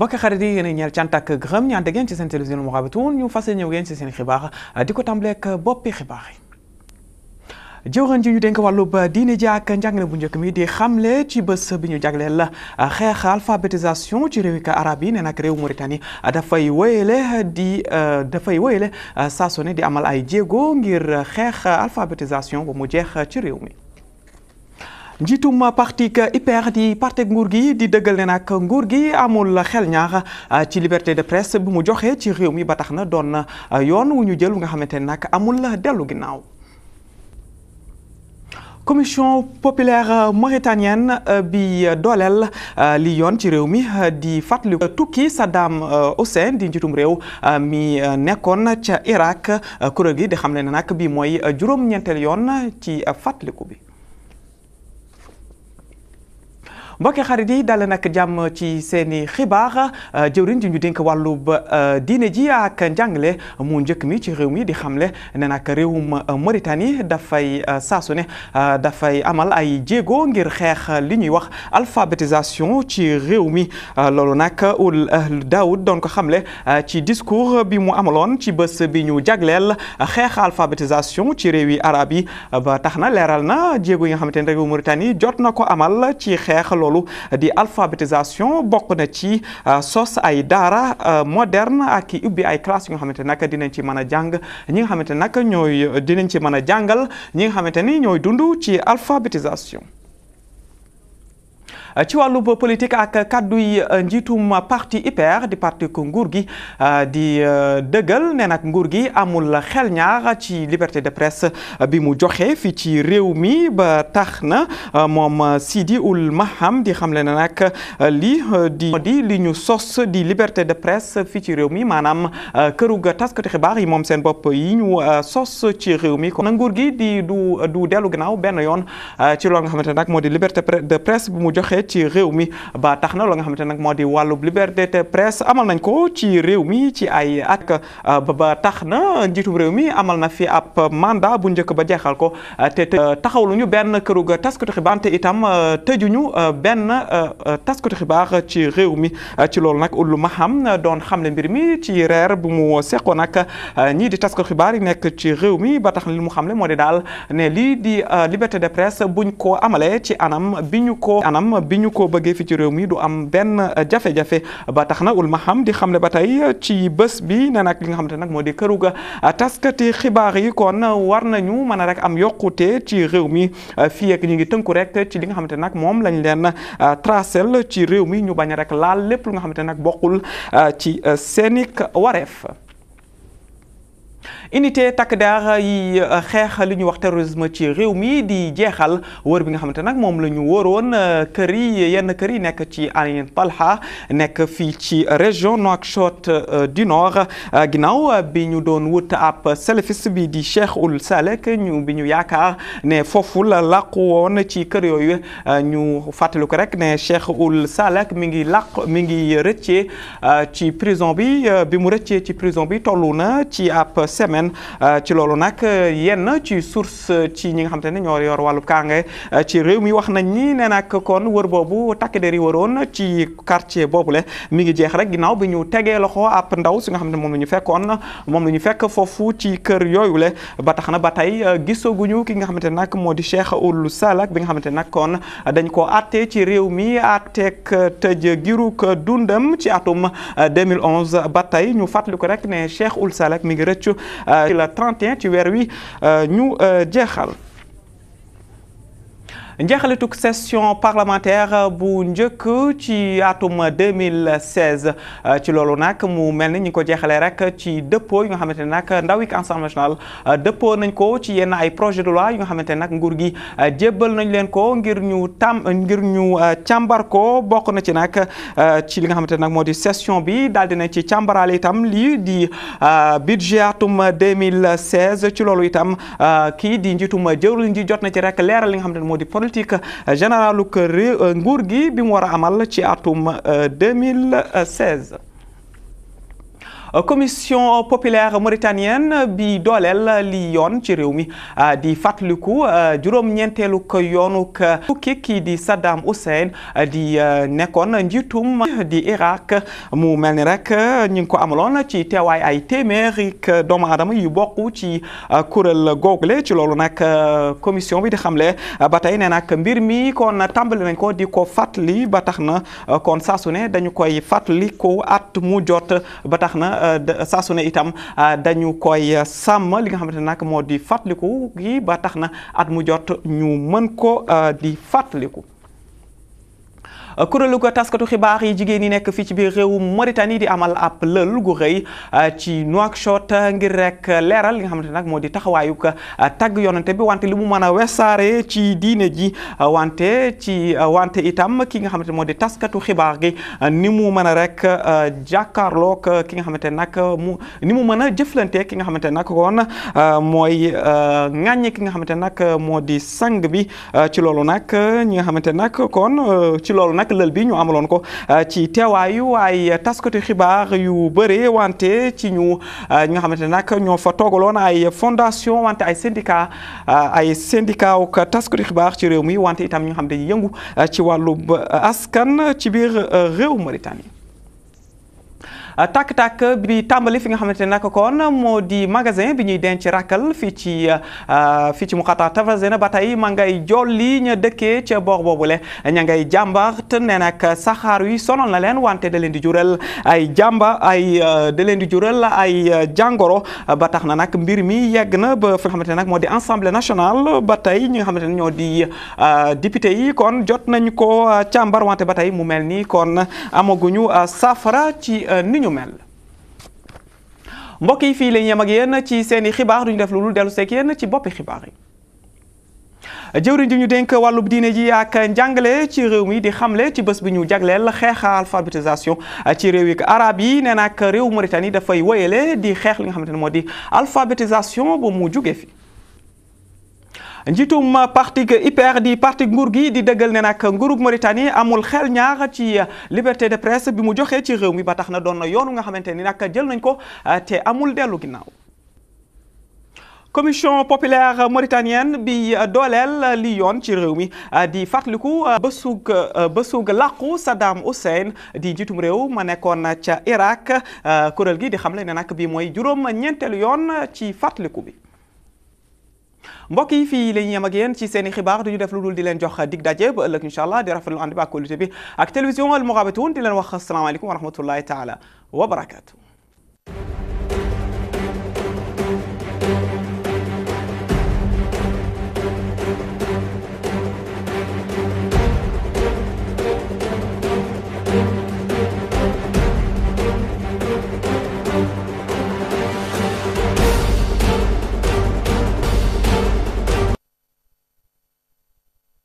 mbokk xarit yi yéen a ñeel cant ak gërëm ñu ànd ak yéen ci seen télévision Mourabitoun ñu fas ñëw yéen ci seen xibaar di ko tàmbaleeg boppi xibaar yi. jëwriñ ji ñu dénk wàllub diine ji ak njàngale bu njëkk mi di xamle ci bés bi ñu jagleel xeex alphabétisation ci réew arab yi ne nag réew Mauritanie dafay wéyale di dafay wéyale saa su ne di amal ay jéego ngir xeex alphabétisation ba mu jeex ci réew mi. njiitum parti IPR di parti nguur gi di dëggal ne nag nguur gi amul xel ñaar ah, ci liberté de presse bi mu joxe ci réew mi ba tax na doon ah, yoon wu ñu jël nga xamante ne nag amul dellu ginnaaw. commission populaire mauritanienne ah, bi dooleel li yoon ci réew mi di fàttali tukki sa Saddam Hussein di njiitum réew mi nekkoon ca Irak kuréel gi di xam ne nag bi mooy juróom-ñeenteel yoon ci fàttaliku bi mbokki xarit di dale nag jàmm ci seeni i xibaar euh, jëwriñ ji ñu dénk wàllub euh, diine ji ak njàngale mu njëkk mi ci réew mi di xamle ne nag réewum euh, Mauritanie dafay saasu ne dafay amal ay jéego ngir xeex li ñuy wax alphabétisation ci réew mi loolu nag Ould Daoud doon ko ci discours bi mu amaloon ci bés bi ñu jagleel xeex alphabétisation ci réew yi arab yi ba tax na leeral na jéego yi nga xamante ne réewu Mauritanie jot na ko amal ci xeex loolu loolu di alphabétisation bokk na ci euh, sos ay daara euh, moderne ak ubbi ay classe yi nga xamante nag dinañ ci mën a jàng ñi nga xamante nag ñooy dinañ ci mën a jàngal ñi nga xamante ni ñooy dund ci alphabétisation ci wàllub politique ak kàdduy euh, njiitum parti IPR di parti ko nguur gi euh, di euh, dëggal nee nag nguur gi amul xel ñaar ci liberté de presse bi mu joxee fii ci réew mi ba tax na moom Sidi Ould Maham di xamle ne nag li di di li ñu sos di liberté de presse fii ci réew mi maanaam kërug taskati xibaar yi moom seen bopp yi ñu sos ci réew mi kon na nguur gi di du du dellu gannaaw benn yoon ci loolu nga xamante nag moo di liberté de presse bi mu joxee ci réew mi ba tax na la nga xamante nag moo di wàllub liberté de presse amal nañ ko ci réew mi ci ay at euh, ba tax na njiitum réew mi amal na fi ab manda bu njëkk ba jeexal ko euh, te taxaw lu ñu benn kërug taskatu xibaar te itam euh, tëjuñu benn taskatu xibaar ci réew mi ci loolu nag ullu ma xam doon xam xamle mbir mi ci reer bu mu seqoon nag ñii di tas taskatu xibaar yi nekk ci réew mi ba tax na li mu xam xamle moo di daal ne lii di liberté de presse buñ ko amalee ci anam bi ko anam bi ñu ko bëggee fi ci réew mi du am benn euh, jafe-jafe ba tax na Ulmaham di xam ne ba tey euh, ci bés bi nee nag li nga xam xamante nag moo di këru ga euh, taskati xibaar yi kon war nañu mën a rek am yokkute ci réew mi fii ak ñu ngi tënku rek ci li nga xamante nag moom lañ leen tracel ci réew mi ñu bañ rek laal lépp lu nga xamante nag bokkul ci seeni wareef unité takk der yi euh, xeex li ñu wax terrorisme ci réew mi di jeexal wër bi nga xamante nag moom la ñu wóoroon euh, kër yi yenn kër yi nekk ci an Palha nekk fii ci région Nouakchott euh, du Nord ginnaaw bi ñu doon wut ab salafiste bi di Cheikh Ould Salek ñu bi ñu yaakaar ne foofu la làqu woon ci kër yooyu ñu fàttali rek ne Cheikh Ould Salek mi ngi làq mi ngi rëccee ci prison bi bi mu rëccee ci prison bi tollu na ci ab semaine semaine euh, ci loolu nag euh, yenn ci source euh, ci ñi nga xam ne ñoo yor wàllu kaange ci réew mi wax nañ ni ne nag kon wër boobu takk der yi waroon ci quartier le mi ngi jeex rek ginnaaw bi ñu tegee loxo ab ndaw si nga xam ne moom la ñu fekkoon moom la ñu fekk foofu ci kër yooyu le ba tax na ba tey gisaguñu ki nga xamante ne nag moo di Cheikh Ould Salak bi nga xamante ne koon kon dañ ko àttee ci réew mi àtteeg tëj giruk dundam ci atum 2011 ba tey ñu fàttali ko rek ne Cheikh ul Salak mi ngi rëccu ci la 31 ci weer wi euh, ñu euh, jeexal njeexalituk session parlementaire bu njëkk ci atum 2016 euh, ci loolu nag mu mel na ñu ko jeexalee rek ci dëppo yi nga xamante ne nag ndawik Assemblée nationale euh, dëppoo nañ ko ci yenn ay projet de loi yi nga xamante ne nag nguur gi euh, jébbal nañ leen ko ngir ñu tam ngir ñu càmbar ko bokk na ci nag ci li nga xamante ne nag moo di session bi daal dinañ ci càmbaraale itam lii di budget atum 2016 ci loolu itam kii di njiitum jëwriñ ji jot na ci rek leeral li nga xam ne moo di politique généraluk euh, nguur gi bi mu war a amal ci atum 2016 euh, commission populaire mauritanienne bi dooleel li yoon ci réew mi ah, di fàttaliku ah, juróom-ñeenteelu ko yoonuk kii di Saddam Hussein ah, di nekkoon njiitum di Irak mu mel ni rek ñu ngi ko amaloon ci teewaay ay téeméeri doomu aadama yu bokk ci kuréel google ci loolu nag commission bi di xamle ba tey nee nag mbir mi kon tàmbali nañ ko di ko fàttali ba tax na kon saa ne dañu koy fàttali ko at mu jot ba tax na saa su ne itam ah, dañu koy sàmm li nga xamante ne nag moo di fàttaliku gi ba tax na at mu jot ñu mën ko ah, di fàttaliku. kuréelu ko taskatu xibaar yi jigéen ñi nekk fii ci biir réew Mauritanie di amal ab lël gu rëy euh, ci Nouakchott ngir rek leeral li nga xamante nag moo di taxawaayu ko euh, tagg yonante bi wante li mu mën a wesaare ci diine ji euh, wante ci wante itam ki nga xamante moo di taskatu xibaar gi ni mu mën a rek jàkkaarloog ki nga xamante nag mu ni mu mën a jëflante ki nga xamante nag kon mooy ŋàññi ki nga xamante nag moo di sang bi ci loolu nag ñi nga xamante nag kon ci loolu nag lël bi ñu amaloon ko euh, ci teewaayu ay taskati xibaar yu bëre wante ci ñu euh, ñi nga xamante ne nag ñoo fa toogaloon ay fondation wante ay syndicat euh, ay syndicat wu taskati xibaar ci réew mi wante itam ñi nga xam ne yëngu ci wàllu askan ci biir réew Mauritanie tàkk-tàkk bi tàmbali fi nga xamante ne nag kon moo di magasin bi ñuy denc rakkal fii ci euh, fii ci mu xataa tafasena ba tey ma ngay jolli ña dëkkee ca boor le ña ngay te ne nag saxaar wi sonal na leen wante da leen di jural ay jàmba ay euh, da leen di jural ay euh, jàngoro ba tax na nag mbir mi yegg na ba fi nga xamante ne nag moo di assemblée national ba tey ñi nga xamante ne ñoo di député yi kon jot nañu ko càmbar wante ba tey mu mel ni kon amaguñu safara ci ni ñu ñu mel mbokk yi fii la ñu yem ak ci seeni i xibaar duñu def lu dul dellu seeg yéen ci boppi xibaar yi jëwriñ ji ñu dénk wàllub diine ji ak njàngale ci réew mi di xamle ci bés bi ñu jagleel xeex alphabétisation ci réew yi arab yi nee na réew Mauritanie dafay woyale di xeex li nga xamante ne moo di alphabétisation ba mu jugee fi njiitum parti IPR di parti nguur gi di dëggal ne nag nguurug Mauritanie amul xel ñaar ci liberté de presse bi mu joxee ci réew mi ba tax na doon na yoonu nga xamante ni nag jël nañ ko te amul dellu ginnaaw. commission populaire mauritanienne bi dooleel li yoon ci réew mi di fàttaliku bësug bësug làqu Saddam Hussein di njiitum réew ma nekkoon ca Irak kuréel gi di xam xamle ne nag bi mooy juróom ñeenteelu yoon ci fàttaliku bi. mbokk yi fii la ñu yem ci seen i xibaar du ñu def lu dul di leen jox dig daje ba ëllëg incha allah di rafetlu ànd bi ak kóolute bi ak télévision Al Mourabitoun di leen wax asalaamaaleykum wa rahmatullahi taala wa barakaatu